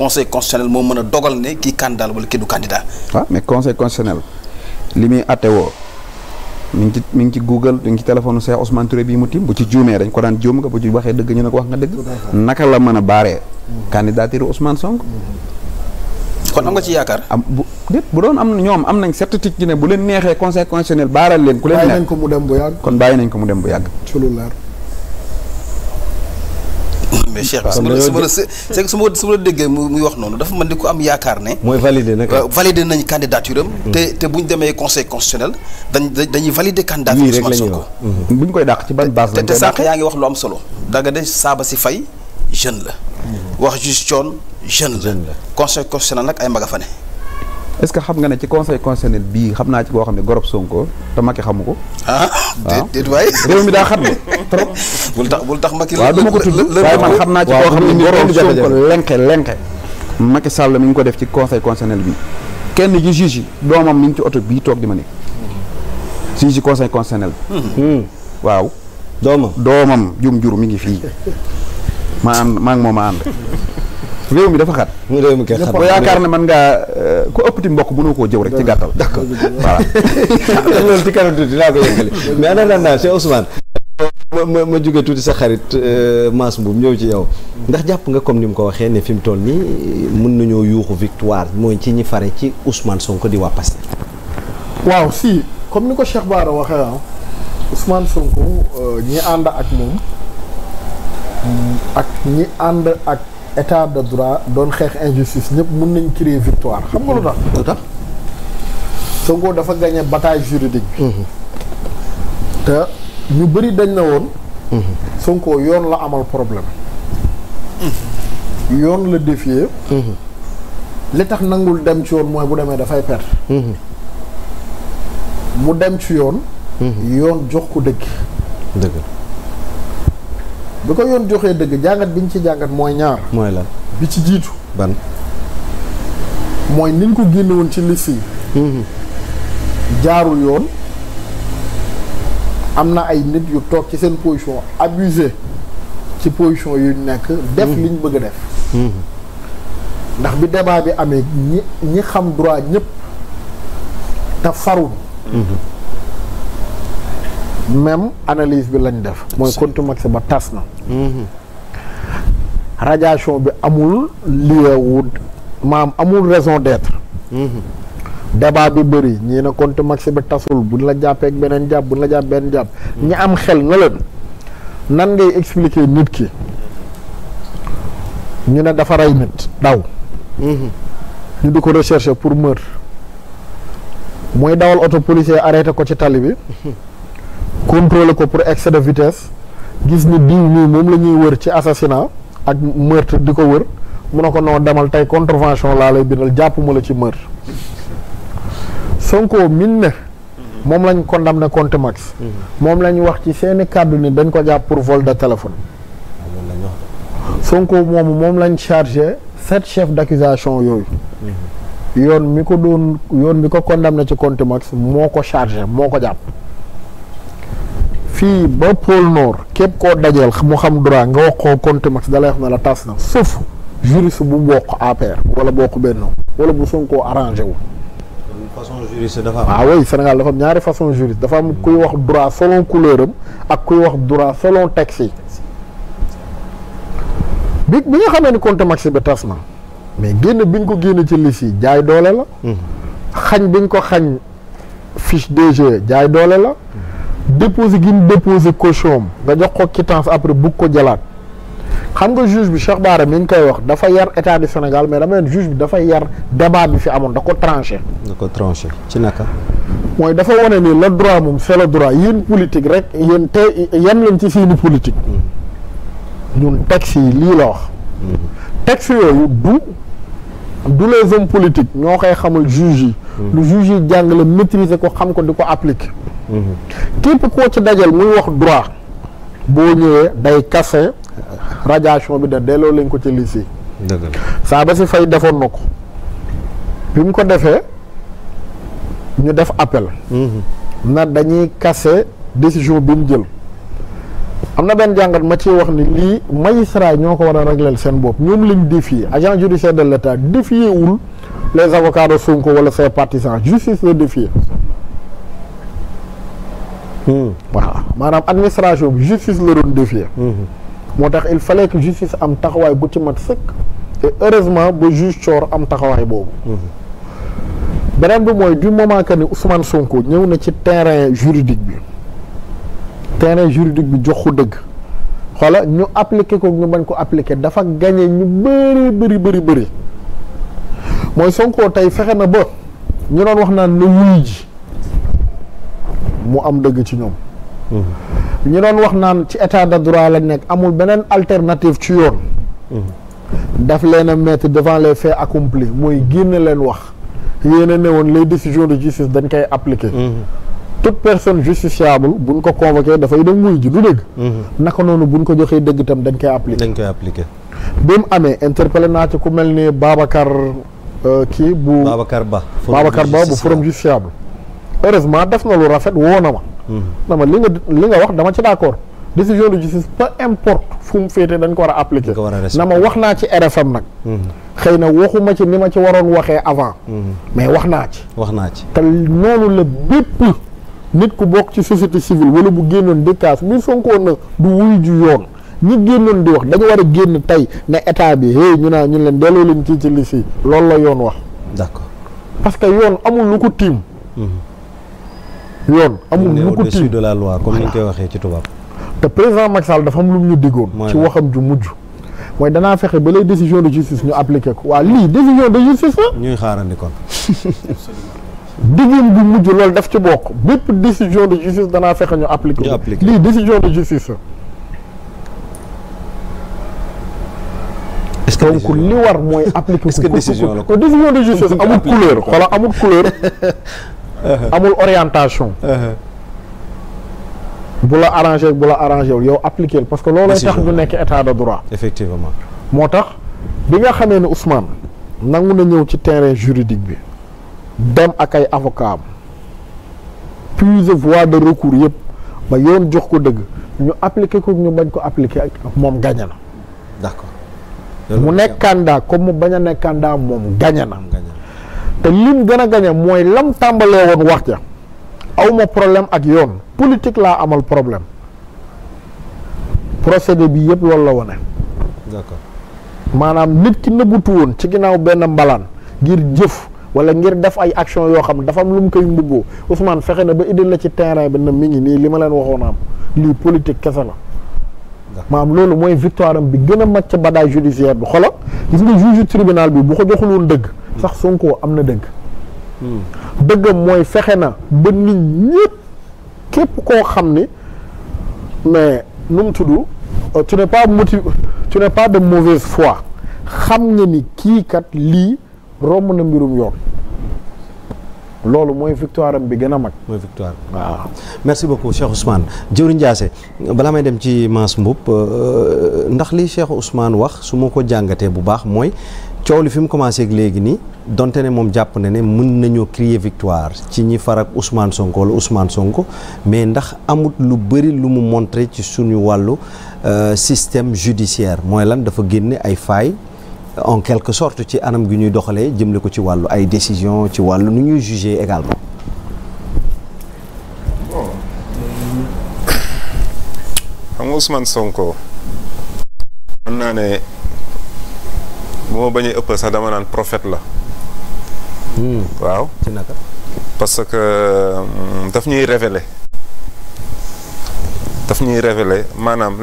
conseil constitutionnel moo mën a dogal ne kii candidat wala kii du candidat. waaw ah, mais conseil constitutionnel li muy attewoo mi ngi ci mi ngi ci Google mi ngi ci téléphone Cheikh Ousmane Touré bii mu tim bu ci juumee dañ ko daan juum nga bu ci waxee dëgg ñu ne ko wax nga dëgg. naka la mën a baaree. candidature Ousmane Sonko. kon am nga ci yaakaar. am bu déet bu doon am ñoom am nañ certitude ci ne bu leen neexee conseil constitutionnel baaral leen. ku leen neex mu dem kon bàyyi nañ ko mu dem bu yàgg. mais Cheikh bi su ma la su ma la c'est que su déggee muy wax noonu dafa man di ko am yaakaar ne. mooy valider nag valider nañ candidature am. Mm. te te bu ñu demee conseil constitutionnel dañ dañuy valider candidature Ousmane Sonko. Mm-hmm. bu ñu koy dàq ci ban base la te sànq yaa ngi wax lu am solo. danga de saaba si fay jeune la. Mm-hmm. wax juste coon jeune la. conseil constitutionnel nag ay maga fa est-ce que xam nga ne ci conseil constitutionnel bii xam naa ci koo xam ne gorob Sonko te Macky xamu ko. ah, ah. déet daa xam ne trop. bul tax bul tax Macky. waaw ma ko xam naa ci koo xam ne gorob Sonko lenqe lenqe. Macky Sall mi ngi ko def ci conseil constitutionnel bi kenn ji juge yi doomam mi ngi ci oto bii toog di ma nekk. juge yi conseil bi. Hmm. waaw. doomam jum jur mi ngi fii. ma ànd maa moom ma ànd. réew mi dafa xat réew mi kay xat boo yaakaar na man ngaa euh, ku ëpp ti mbokk mënoo koo jëw rek ci gàttal d'accord voilà loolu ci kanam tuuti dinaa ko yëkkali mais ana naan ma ma jóge tuuti sa xarit euh, Mass Mboum ñëw ci yow ndax jàpp nga comme ni ko waxee ne fi mu toll nii mën nañoo yuuxu mooy ci ñi fare ci Ousmane Sonko di waa Pastef waaw si comme ni ko Cheikh Bara waxee ah Ousmane Sonko euh, ñi ànd ak état de droit doon xeex injustice ñëpp mun nañ créer victoire xam nga lu tax. lu tax Sonko dafa gagné bataille juridique bi. Mhm. te ñu bëri dañ la woon. Mhm. Sonko yoon la amal problème. Mhm. yoon la défier. li tax nangul dem ci yoon mooy bu demee dafay perte. mu dem ci yoon. yoon jox ko dëgg. bi ko yoon joxee dëgg jàngat bi ñu ci jàngat mooy ñaar. mooy lan bi ci jiitu. ban mooy ni ñu ko génne woon ci liste yi. Mm-hmm. jaarul yoon am na ay nit yu toog ci seen position abusé ci position yu nekk. def mm-hmm. li ñu bëgg a def. Mm-hmm. ndax bi débat bi amee ñi ñi xam droit ñëpp te faruñ. même analyse bi lañ def. mooy contumax ba tas na. Mhm. radiation bi amul lieu maam amul raison d'être. Mhm. débat bi bëri ñii na contumax bi tasul buñ la jàppee ak beneen jàpp buñ la jàpp benn jàpp. Mhm. ñi am xel na leen nan ngay expliquer nit ki ñu ne dafa rey nit daw. ñu di ko rechercher pour meurtre. mooy dawal auto policier arrêté ko ci tali bi. contrôler ko pour excès de vitesse gis ni diw nii moom la ñuy wër ci assassinat ak meurtre di ko wër mu ne ko noo demal tey contravention laa lay bindal jàpp ma la ci meurtre Sonko min ne moom lañ condamné compte max moom lañ wax ci seeni kàddu ni dañ ko jàpp pour vol de téléphone Sonko moom moom lañ chargé sept chefs d'accusation yooyu yoon mi ko doon yoon mi ko condamné ci compte max moo ko chargé moo ko jàpp fii ba pôle nord képp ko dajeel mu xam droit nga wax ko contumace da lay wax ne la tass na sauf juriste bu bokk APR wala bokk Benno wala bu Sonko arrangé wu. façon juriste dafa ah Sénégal dafa am ñaari façon juriste dafa am kuy wax droit selon couleur am ak kuy wax droit selon texte yi bi bi nga xamee ni contumace bi tas na mais génn bi ñu ko génn ci liste yi jaay doole la. Hmm. xañ bi ñu ko xañ fiche DG jaay doole la. déposé gi mu déposé caution nga jox ko quittance après bugg ko jalaat xam nga juge bi Cheikh Bara mi ngi koy wax dafa yar état du Sénégal mais dama leen juge bi dafa yar débat bi fi amoon da ko tranché. da ko tranché ci naka. mooy dafa wane ni le droit moom c'est le droit yéen politique rek yéen te yan leen ci seeni politique. ñun texte yi lii la wax. Mm-hmm. texte yooyu du du les hommes politiques ñoo koy xamul juge yi. Mm-hmm. lu juge yi jàng la ko xam ko di ko appliquer. képp koo ci dajal muy wax droit boo ñëwee day kase radiation bi da delloo lañ ko ci lycée saa ba si fay defoon na ko bi mu ko defee ñu def appel mm-hmm. na dañuy kase décision bi mu jël am na benn jàngat ma ci wax ni lii magistrat ñoo ko war a régleel seen bopp ñoom lañ défier agent judiciaire de l' état défier wul les avocats de Sonko wala ses partisans justice la défier waaw hmm. maanaam administration bi justice la doon défier hmm. moo tax il fallait que justice am taxawaay bu ci mat sëkk et heureusement ba juge Thior am taxawaay boobu hmm. beneen bi mooy du moment que ni Ousmane Sonko ñëw na ci terrain juridique bi terrain juridique bi jox ko dëgg xoola ñu appliqué ko ñu bañ ko appliqué dafa gagné ñu bëri bëri bëri bëri mooy Sonko tey fexe na ba ñu doon wax naan na wuy ji mu am dëgg ci ñoom. Mm-hmm. ñu doon wax naan ci état de droit lañ nekk amul beneen alternative ci yoon. Mm-hmm. daf leen a mettre devant les faits accomplis mooy génne leen wax yéen a ne woon les décisions de justice dañ koy appliquer. Mm-hmm. toute personne justiciable buñ ko convoqué dafay dem wuy ji du dëgg. naka noonu bu ñu ko joxee dëgg tam dañ koy appliquer. dañ koy mu amee interpellé naa ci ku mel ni Babacar euh, kii bu. Babacar Ba. Babacar Ba bu forum justiciable. heureusement def na lu rafet woo na ma. dama hmm. li nga li nga wax dama ci d'accord décision de justice peu importe fu mu féete dañ ko war a appliquer. na ma wax naa ci RFM nag. Hmm. xëy na waxuma ci ni ma ci waroon waxee avant. Hmm. mais wax naa ci. wax naa ci te noonu la bépp nit ku bokk ci société civile wala bu génnoon di kaas bu sonkoon na du wuy ju yoon. ñi génnoon di wax dañu war a génn tey na état bi hey ñu naa ñu leen delloo leen ci ci liste yi loolu la yoon wax. d'accord parce que yoon amul lu ko tiim. yoon amul mu ko au-dessus de la loi comme ni ñu koy waxee ci tubaab. te président Macky Sall dafa am lu ñu diggoon. ci waxam ju mujj. mooy danaa fexe ba lay décision de justice ñu appliqué ko waa lii décision de justice la. ñuy xaarandi kon. diggéen bu mujj loolu daf ci bokk bépp décision de justice danaa fexe ñu appliqué ko lii décision de justice la. est-ce que donc li war mooy appliqué ko décision de justice amul couleur xoola amul couleur. Uh-huh. amul orientation. Uh-huh. bu la arrangé bu la arrangé wul yow appliqué parce que loolooy tax ñu nekk état de droit. effectivement moo tax bi nga xamee ne Ousmane nangu na ñëw ci terrain juridique bi dem ak ay avocat am puiser voie de recours yëpp ba yoon jox ko dëgg ñu appliqué ko ñu bañ ko appliqué moom gañe na. d'accord mu nekk candidat comme mu bañ a nekk candidat moom gañe na. te lim gën a gañe mooy lam tàmbalee woon wax ja awma problème ak yoon politique laa amal problème procédé bi yëpp loolu la wane d'accord maanaam nit ki nëbbutu woon ci ginnaaw benn mbalaan ngir jëf wala ngir def ay action yoo xam dafa am lu mu koy mbubboo Ousmane fexe na ba indil la ci terrain bi na mi ngi nii li ma leen waxoon am lii politique kese la maam loolu mooy victoire am bi gën a mag ci bataille judiciaire bi xola gis nga juge tribunal bi bu ko joxul woon dëgg sax Sonko am na dëgg. Hmm. dëggam mooy fexe na ba nit ñëpp koo xam ni mais nu mu tudd euh, tu n'es pas motive tu n'es de mauvaise foi xam nga ni kii lii romb na mbirum yoon. loolu mooy victoire bi gën a mag. mooy victoire waaw. merci beaucoup Cheikh Ousmane jëwriñ Ndiassé balaa may dem ci Mass Mboup euh, ndax li Cheikh Ousmane wax su ma ko jàngatee bu baax mooy. coow li fi mu commencé ak léegi nii donte ne moom jàpp na ne mën nañoo crier victoire ci ñi farak Ousmane Sonko wala Ousmane Sonko mais ndax amut lu bëri lu mu montré ci suñu wàllu euh, système judiciaire mooy lan dafa génne ay fay en quelque sorte ci anam gi ñuy doxalee jëmle ko ci wàllu ay décision ci wàllu nu ñuy juger également. Sonko bu ma bañee ëpp sax dama naan prophète la. Hmm. waaw ci naka. parce que hmm, daf ñuy révéler daf ñuy révéler maanaam